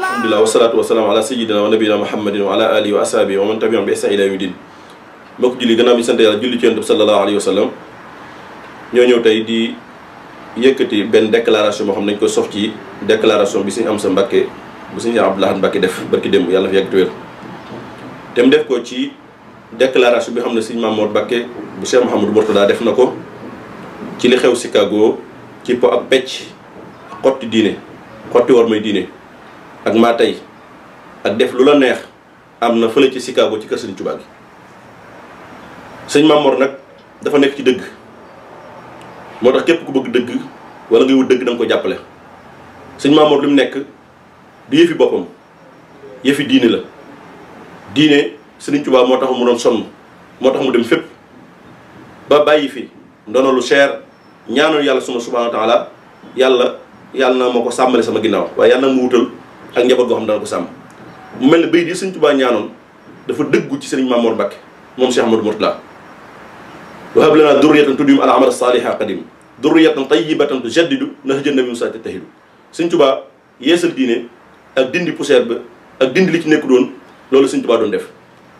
alhamdulilah wasalaatu wasalaam ala sayyidina wa nabiyina muhammadin wa ala alihi wa ashabihi wa man tabi'ahum bi ihsan ila yawmi din mbokk julli gannaaw bi sant yàlla julli ci yonent bi sallallahu alayhi wa sallam ñoo ñëw tey di yëkkati benn déclaration boo xam ne dañ ko sof ci déclaration bi suñu am sa Mbàkke bu suñu Abdou Lahad Mbàkke def barki démb yàlla fi yàgg wér te mu def ko ci déclaration bi xam ne suñu Mamour Mbàkke bu Cheikh Mouhamadou Mourtada def na ko ci li xew Chicago ci po ak pecc xotti diine xotti war may diine ak maa tey ak def lu la neex am na fële ci Chicago ci kër Sëñ Tuubaa gi sëñ Mamor nag dafa nekk ci dëgg moo tax képp ku bëgg dëgg wala ngay wut dëgg da ko jàppale sëñ Mamor li mu nekk di yëfi boppam yëfi diine la diine Sëriñ Tuubaa moo tax mu doon sonn moo tax mu dem fépp ba bàyyi fi ndono lu seer ñaanul yàlla suma subhaanahu wa taala yàlla yàlla na ma ko sàmmale sama ginnaaw waaye yàlla na ma ak njaboot goo xam dana ko sàmm mu mel ne bay di sëñ Tuubaa ñaanoon dafa dëggu ci sëriñ Mamour Mbacké moom Cheikh Amadou Mourtala wahab lana durriyatan tuddium ala amal saaliha qadim durriyatan tayyibatan tujaddidu nahja nabi Musa tahidu sëñ Tuubaa yeesal diine ak dindi poussière ba ak dindi li ci nekk doon loolu sëñ Tuubaa doon def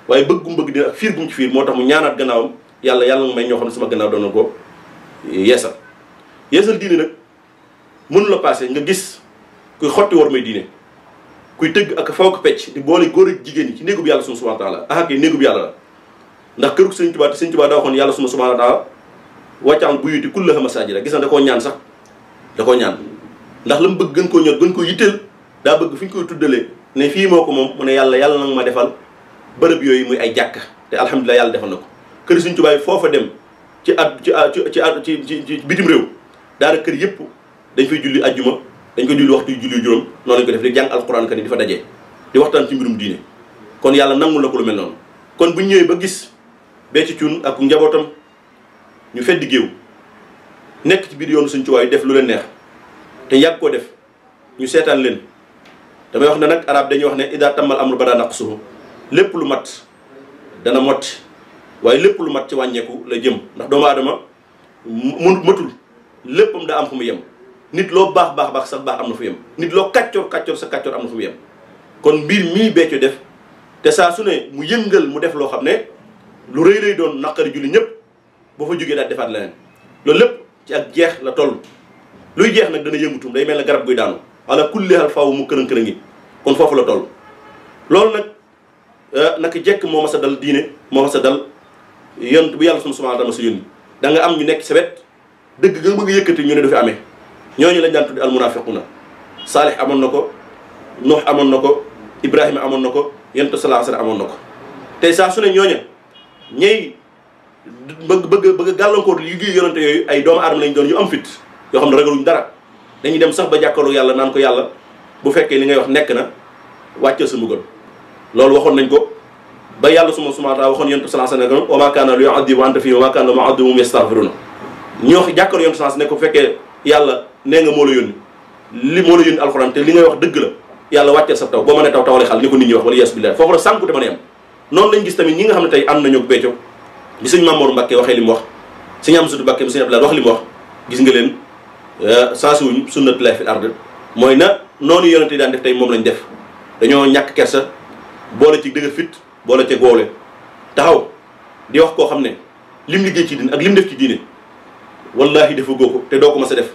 waaye bëggum bëgg dina ak fiir gum ci fiir tax mu ñaanaat gannaawam yàlla yàlla nga may ñoo xam ne sama gannaaw doon na ko yeesal yeesal diine nag mënu la passé nga gis kuy xotti war may diine kuy tëgg ak faw ko pecc di boole góor ak jigéen ñi ci néegub yàlla suma subhanahu wa taala ahak yi néegub yàlla la ndax kërug sëñ Tuubaa te sëñ Tuubaa daa waxoon yàlla suma subhanahu wa taala wàccaan bu yuti kullaha masaajida gis na da koo ñaan sax da koo ñaan ndax la mu bëgg gën koo ñor gën koo yitteel daa bëgg fi ñu koy tuddalee ne fii moo ko moom mu ne yàlla yàlla nag ma defal bërëb yooyu muy ay jàkka te alhamdulilah yàlla defal na ko kër sëñ Tuubaa foofa dem ci at ci ah, ci ci ci ci bitim réew daara kër yëpp dañ fay julli ajjuma dañ ko julli waxtu julli juróom noonu lañ ko def di jàng alxuraan kat yi di fa dajee di waxtaan ci mbirum diine kon yàlla nangul na ko lu mel noonu kon bu ñëwee ba gis becc cuun ak njabootam ñu feddi géew nekk ci biir yoonu suñ ci waay def lu leen neex te yàgg koo def ñu seetaan leen damay wax ne nag arab dañuy wax ne ida tamal amru badaa naqsuhu lépp lu mat dana mot waaye lépp lu mat ci wàññeeku la jëm ndax doomu aadama mënut matul léppam daa am fu mu yem nit loo baax baax baax sa baax am na fu yem nit loo kàccoor kàccoor sa kàccoor am na fu mu yem kon mbir mii becco def te saa su ne mu yëngal mu def loo xam ne lu rëy rëy doon naqari julli ñëpp boo fa jógee daal defaat leneen loolu lépp ci ak jeex la toll luy jeex nag dana yëngutum day mel na garab guy daanu wala kulleexal faaw mu kërën gi kon foofu la toll loolu nag euh, naka jekk moo ma sa dal diine moo ma yont bu yalla subhanahu wa ta'ala su yónni da nga am ñu nek sa wet deug nga bëgg yëkëti ñu ne du fi amee ñooñu lañ daan tuddi al munafiquna salih amon nako nuh amon nako ibrahim amon nako amoon na yonent sallallahu alayhi wasallam amoon na ko tey saa su ne ñooña ñey bëgg bëgg bëgg yu gi yonente yoy ay doom adam lañ doon yu am fit yo xamne ne ragaluñ dara dañu dem sax ba jakkalu yalla nan ko yalla bu fekke li ngay wax nek na waccé sumu gol loolu waxon nañ ko ba yàlla suma suma taa waxoon yontu sallallahu alayhi wasallam wa ma kana li moo la yónni alxuraan li ngay wax dëgg la yàlla wàccee sa taw boo a taw tawale xal ni ko nit ñi wax wala yes billah foofu a yem noonu lañ gis tamit ñi nga xam leen euh, saasi wuñ sunnatullahi fil ard mooy na noonu yonente yi daan def tey moom lañ def dañoo ñàkk kersa boole ci dëgg fit boo la te goole taxaw di wax koo xam ne lim liggéey ci diine ak lim def ci diine wallahi defu goo ko te doo ko mas a def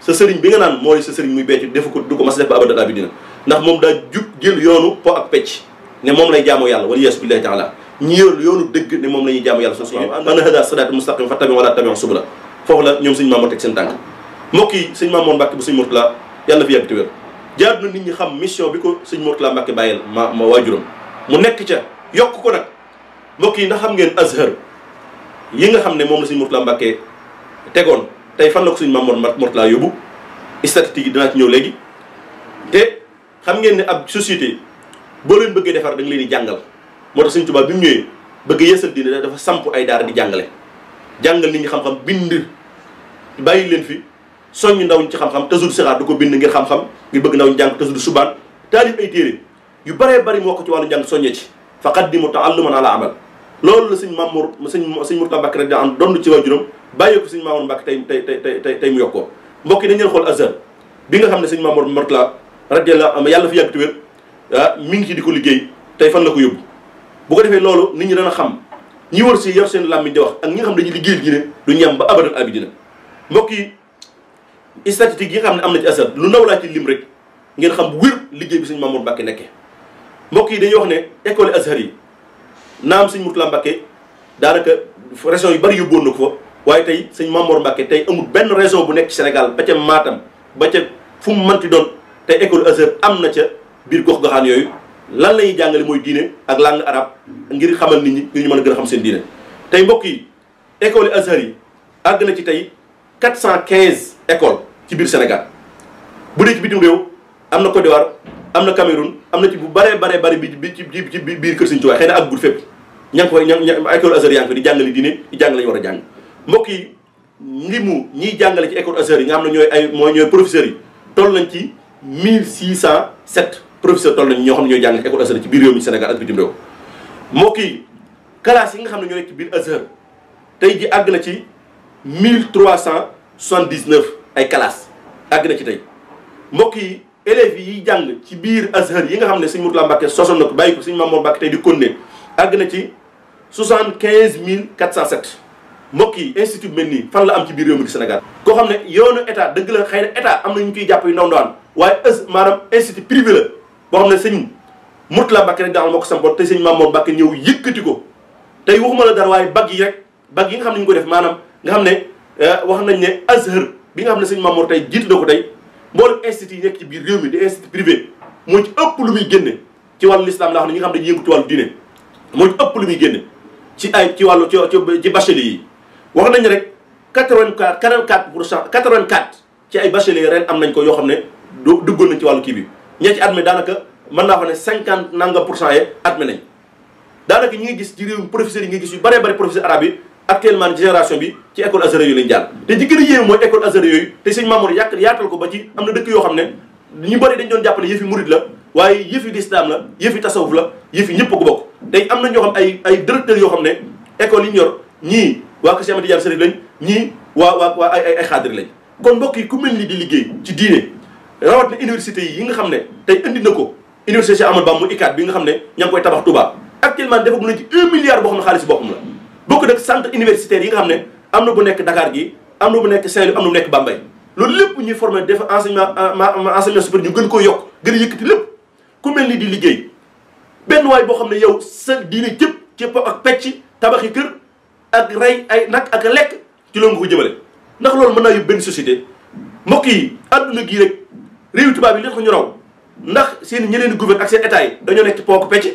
sa sëriñ bi nga naan mooy sa sëriñ mu becc defu ko du ko mas a def ba abadan bi dina ndax moom daa jub jël yoonu po ak pecc ne moom lay jaamoo yàlla wala yeesu billahi taala ñi yor yoonu dëgg ne moom la ñuy jaamu yàlla suñu subaa ana hada siraat mustaqim fattabi wala tabi subula foofu la ñoom suñu maamoon teg seen tànk mbokk yi suñ maamoon mbàkke bu suñ murtala yàlla fi yàgg te wér jaar na nit ñi xam mission bi ko suñ murtala mbàkke bàyyeel ma ma waajuram mu nekk ca yokk ko nag mbokk yi ndax xam ngeen azhar yi nga xam ne moom la suñ Mourtala Mbacke tegoon tey fan la ko suñ Maam Mourtala yóbbu statistique yi dinaa ci ñëw léegi te xam ngeen ne ab societé boo leen bëggee defar da leen di jàngal moo tax suñ tubaab bi mu ñëwee bëgg yeesal diine dafa samp ay daara di jàngale jàngal nit ñi xam-xam bind bàyyi leen fi soññ ndaw ñi ci xam-xam tasud siraat du ko bind ngir xam-xam ngir bëgg ndaw ñu jàng tasud subaan taalif ay téere yu baree bari moo ko ci wàllu njàng soññee ci fa qaddimu taalluman ala amal loolu la sëñ Mamour sëñ sëñ Mourtada Mbacke rek daa am donn ci waajuram bàyyi ko sëñ Mamour Mbacke tey tey tey tey tey mu yokkoo mbokk yi dañu leen xool azar bi nga xam ne sëñ Mamour Mourtada radiyallahu anhu yàlla fi yàgg tuwér ah mi ngi ci di ko liggéey tey fan la ko yóbbu bu ko defee loolu nit ñi dana xam ñi wër si yor seen làmmiñ di wax ak ñi nga xam ne liggéeyal ji ne du ñam ba abadan abidina mbokk yi statistique yi nga xam ne am na ci azar lu ndaw laa ci rek ngeen xam wér liggéey bi sëñ Mamour Mbacke nekkee mbokk yi dañuy wax ne école azhar yi naam sëñ Murtala Mbàkke daanaka région yu bari yóbboon na ko fa waaye tey sëñ Mamor Mbàkke tey amul benn région bu nekk ci Sénégal ba ca Matam ba ca fu mu manti doon tey école azhar am na ca biir gox goxaan yooyu lan la ñuy mooy diine ak langue arabe ngir xamal nit ñi ñu mën a gën a seen diine tey mbokk yi école azhar yi àgg na ci tey 415 écoles ci biir Sénégal bu dee ci bitim réew am na ko d'Ivoire am na Cameroun am na ci bu bare bare bare bi bi ci biir kër Sëriñ Tuubaa xëy na àggul fépp koy ña école a jàng yi ngi mu ñiy jàngale ci école azhar yi nga xam na ñooy ay mooy ñooy professeurs yi toll nañ ci 1607 professeurs toll nañ ñoo xam ne ñooy jàngale école azhar ci biir réew mi Sénégal ak bitim réew mbokk yi classes yi nga xam ne ñoo nekk ci biir azhar tey ji àgg na ci cent 1379 ay classes àgg na ci tey mbokk yi élèves yi jàng ci biir Azhar yi nga xam ne sëñ Mourtala Mbacke sosoon na ko bàyyi ko sëñ Mamour Mbacke tey di continuer àgg na ci soixante quinze mille quatre cent sept mbokk yi institut mel nii fan la am ci biir réew mi di Sénégal. koo xam ne yoonu état dëgg la xëy na état am na ñu koy jàpp yu ndaw ndawaan waaye as maanaam institut privé la boo xam ne sëñ Mourtala Mbacke rek daal ko sampoon te sëñ Mamour Mbacke ñëw yëkkati ko tey waxuma la dara waaye bag yi rek bag yi nga xam ne ñu ko def maanaam nga xam ne euh, wax nañ ne Azhar bi nga xam ne sëñ Mamour tey jiitu na tey mboolem institut yi nekk ci biir réew mi di institut privé moo ci ëpp lu muy génne ci wàllu lislaam la xam ne ñi nga xam dañuy yëngu ci wàllu diine moo ci ëpp lu muy génne ci ay ci wàllu ci bachelier yi wax nañ rek 84 44 pour cent 84 ci ay bachelier ren am nañ ko yoo xam ne du duggoon nañ ci wàllu kii bi ñee ci admet daanaka mën naa fa ne 50 nanga pour cent yee admet nañ daanaka ñi ngi gis ci réew mi yi ngi gis yu bëree bëri professeur arabe yi actuellement génération bi ci école azhar yooyu lañ jàll te ci gën a yéeme mooy école azhar yooyu te sëñ Mamour yàq yaatal ko ba ci am na dëkk yoo xam ne ñu bëri dañ doon jàpp yëfi murid la waaye yëfi lislaam la yëfi tasawuf la yëfi ñëpp ko bokk tey am na ñoo xam ay ay directeurs yoo xam ne école yi ñu yor ñii waa Kër Cheikh Ahmadou Tidiane Chérif lañ ñii waa waa waa ay ay xaadir lañ kon mbokk yi ku mel ni di liggéey ci diine rawat na université yi nga xam ne tey indi na ko université Cheikh Ahmadou Bamba nga xam ne ña ngi koy tabax Touba actuellement dafa mën boo xam xaalis boppam la bokku nag centre universitaire yi nga xam amna bu nek Dakar gi amna bu nek saint amna bu nek bambay loolu lepp ñuy former def enseignement euh, enseignement super ñu gën ko yok gën a lepp ku melni di liggéey ben way bo xam ne yow sa diine jëpp cëpp ak pecc tabaxi kër ak ray ay nak ak lek ci lo nga ko jëmale ndax loolu mëna yu ben société mbokk yi aduna gi rek réew tuba bi li tax ñu raw ndax seen ñeneen gouverne ak seen état yi dañu nek ci pecc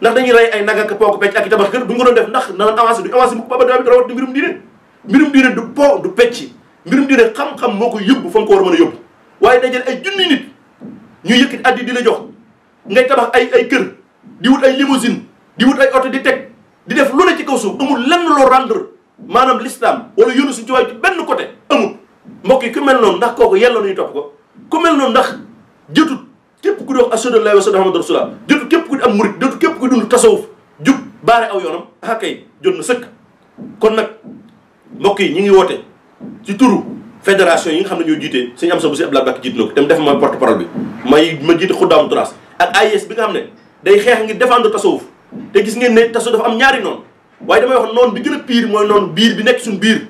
ndax dañuy rey ay nag ak pook pecc ak i tabax kër duñ ko doon def ndax nanan avancé duñ avancé mukk baba daa bi du po du pecc mbirum diine xam-xam moo ko yóbbu fa nga a mën a yóbbu waaye dajal ay junni nit ñu yëkkati addi di la jox ngay tabax ay ay kër di wut ay limousine di wut ay oto di teg di def lu ci kaw suuf amul lenn loo rendre maanaam l'islam wala yónni suñu ci waay ci benn côté amul mbokk yi ku mel noonu ndax kooku yelloo nañu topp ko ku mel noonu ndax jëtut képp ku doon ashadu laa wa ashadu Muhammadu képp ku di am murit jotu képp ku dund tasawuf jub baare aw yoonam ah kay jot na sëkk kon nag mbokk yi ñu ngi woote ci turu fédération yi nga xam ne ñoo jiite suñu sa bu si Abdoulaye Bakk jiite na ko te mu def ma porte parole bi bi nga xam ne day xeex ngir défendre tasawuf te gis ngeen ne tasawuf dafa am ñaari noonu waaye damay wax noonu bi gën a pire mooy noonu biir bi nekk suñu biir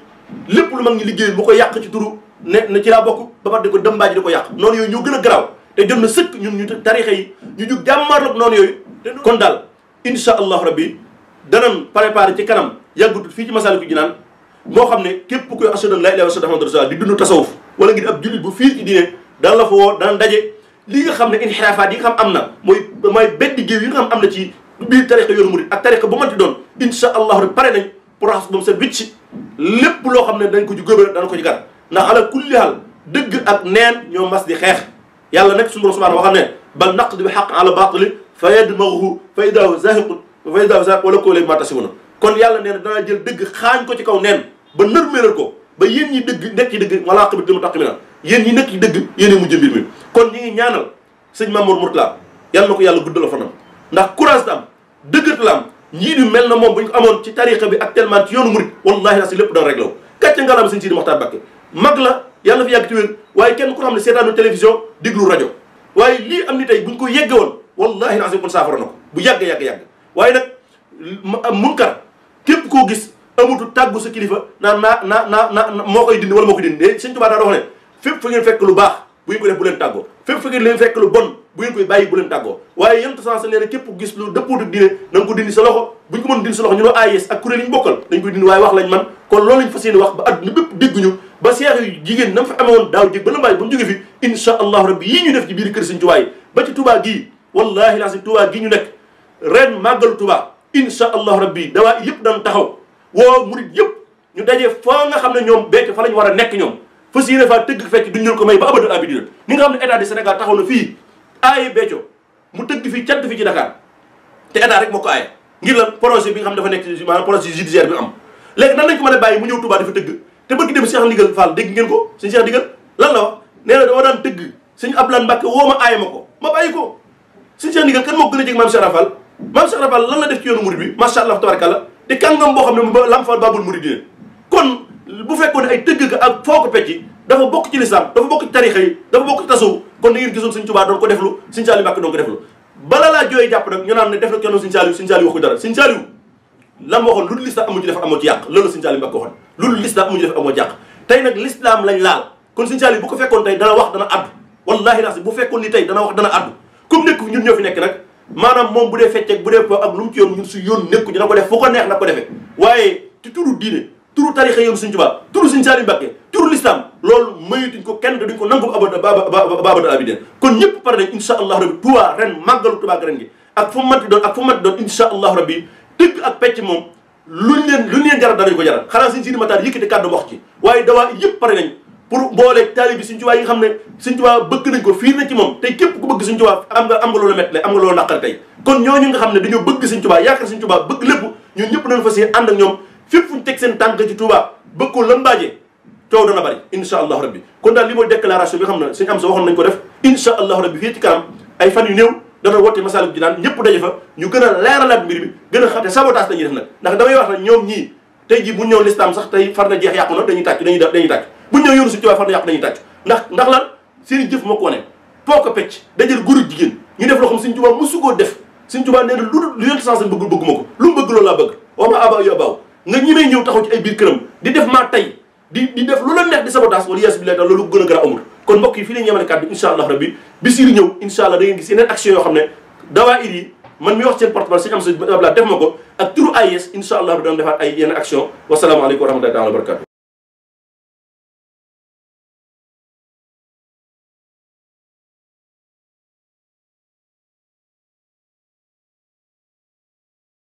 lépp lu mag ñi liggéey bu ko yàq ci turu ne na ci laa bokk ba pare di ko dëmbaaji di ko yàq noonu yooyu ñoo gën a garaaw te jot na sëkk ñun ñu tarixa yi ñu jug jàmmarloog noonu yooyu kon daal insha allah rabbi danañ préparé ci kanam yàggutul fii ci masaliku jinaan moo xam ne képp koy asadan la ilaha wa sallam rasul di dund tasawuf wala ngir ab julit bu fiir ci diine dal la fa woo dana daje li nga xam ne inxiraafaat yi nga xam am na mooy mooy beddi géew yi nga xam am na ci biir tarixa yoonu murid ak tarixa bu mënti doon insha allah rabbi pare nañ pour raxas ba mu set wicc lépp loo xam ne dañ ko ci góobal dana ko ci gar ndax ala kulli hal dëgg ak neen ñoo mas di xeex yàlla nag suñu borom subhanahu wa ta'ala ne bal naqdimu haqqan ala baatili fa yadmaghuhu fa idaa huwa zaahiqun fa idaa huwa zaahiqun wa lakum maa tasifuun kon yàlla nee na danaa jël dëgg xaañ ko ci kaw neen ba nërmeelal ko ba yéen yi dëgg nekk ci dëgg wala xabit li mu taqi mi na yéen ñi nekk ci dëgg yéen a mu mbir mi kon ñi ngi ñaanal sëñ Mamour Mourtala yàlla na ko yàlla guddal fanam ndax courage la am dëggat la am ñii di mel na moom bu ñu amoon ci tariqa bi actuellement ci yoonu murid wallahi naa si lépp dana réglé wu kàcce ngalaam sëñ Sidi Moxtaar Bakke mag la yàlla fi yàgg kenn ku xam ne seetaanu télévision diglu radio waye li am ni tay buñ ko yegge won wallahi lancé kon saafara na bu yagg yagg yagg waye nak munkar kep ko gis amutu tàggu sa kilifa na na na na mo koy dindi wala mo koy dindi de sëñ Tuubaa daa wax ne fépp fa ngeen fekk lu bax bu ngeen ko def bu len tàggoo fep fa ngeen len fekk lu bon bu ngeen koy bayyi bu len tàggoo waye yeen sens sans na kep gis lu dëppootu diine na nang ko dindi sa loxo buñ ko mën dindi sa loxo ñu lo ayes ak kuréel yi ñu bokkal dañ koy dindi waye wax lañ man kon loolu lañ fas wax ba àdduna bépp dégguñu ba seex yu jigen nam fa amoon daw jég ba la bu ñu fi insha allah rabbi yi ñu def ci biir keur seigne touba yi ba ci touba gi wallahi lazim touba gi ñu nek ren magal touba insha allah rabbi dawa yëpp dañ taxaw wo murit yëpp ñu dajé fo nga xamne ñom ñoom fa lañ wara nek ñom nekk ñoom fa teug fekk duñ ko may ba abadu abidina ni nga xamne état du Sénégal taxaw na fi ay bécco mu teug fi cadd fi ci Dakar te état rek moko ay ngir la projet bi nga xamne dafa nekk maanaam projet judiciaire bi am légui nan lañ ko mëna bayyi mu ñëw touba dafa teug te bëgg dem Cheikh Ndigal Fall dégg ngeen ko suñu Cheikh Ndigal lan la wax nee na dama daan tëgg suñu Abdoulaye Mbacke woo ma aay ma ko ma bàyyi ko suñu Cheikh Ndigal kan moo gën a jég maam Cheikh Rafal maam Cheikh la def ci yoonu murid bi macha allah tabarakallah te kàngam boo xam ne ba lam fal babul muridine kon bu fekkoon ay tëgg ka ak foo ko pecci dafa bokk ci lislaam dafa bokk ci tarixa yi dafa bokk ci tasawu kon da ngeen gisoon suñ Tuubaa doon ko deflu suñ Saaliw Mbàkke doon ko deflu bala laa jooy jàpp lam waxoon lu dul lislaam amu ci defar amoo ci yàq loolu sëñ Saliou Mbacké waxoon lu dul lislaam amu ci defar amoo ci yàq tey nag lislaam lañ laal kon sëñ Saliou bu ko fekkoon tey dana wax dana addu wallahi laas bu fekkoon ni tey dana wax dana addu comme nekk ñun ñoo nekk nag maanaam moom bu dee fecceeg bu dee po ak lu ci yoon ñun su yoon ko def fu neex na ko defee waaye ci turu diine turu tarixa yoonu sëñ Tuubaa turu sëñ Saliou Mbacké turu lislaam loolu mayituñ ko kenn te duñ ko nangu abada babada kon ñëpp pare nañ dëgg ak pecc moom lu leen luñ leen jaral danañ ko jaral xanaa suñ Sidi Matar yëkkati kàddu wax ci waaye dawaa yëpp pare nañ pour boole taalibe bi suñ Tuubaa yi nga xam ne suñ Tuubaa bëgg nañ ko fiir nañ ci moom ku bëgg suñ nga am nga loola mett le am nga loola naqar ne dañoo bëgg suñ Tuubaa yaakaar suñ Tuubaa bëgg lépp ñun ñëpp nañ fa si ànd ak ñoom fépp fuñ teg seen tànk ci Tuubaa bëgg ko coow dana bari insha allahu rabbi kon daal li mooy déclaration bi nga xam ne suñu am sa waxoon nañ ko def insha allahu rabbi fii ci kanam ay dana woote Masaalikul Jinaan ñëpp daje fa ñu gën a leeralaat mbir mi gën a xam te sabotage dañuy def nag ndax damay wax nag ñoom ñii tey ji bu ñëw lislaam sax tey far na jeex yàqu na dañuy tàcc dañuy dañuy tàcc bu ñëw yoonu su Tuubaa far na yàqu dañuy tàcc ndax ndax lan seen jëf moo ko wane poo pecc dajël góor ak jigéen ñu def la xam Sëriñ Tuubaa musu koo def Sëriñ Tuubaa nee na lu lu yent sens bëgg bëggu ma ko lu mu bëgg loolu laa bëgg wa ma aba yo baaw nga ñi ñëw taxaw ay biir këram di def maa tey di di def lu la neex di sabotage wala yaasu billahi loolu gën a gara amul kon mbokk yi fi la ñu yemale kàddu incha allah rabbi bis yi ñëw incha allah da ngeen gis yeneen action yoo xam ne dawaa ir yi man mi wax seen porte-parole sëñ am sa def ma ko ak turu AIS incha allah bi doon defaat ay yenn action wasalaamualeykum wa rahmatullahi wa barakatu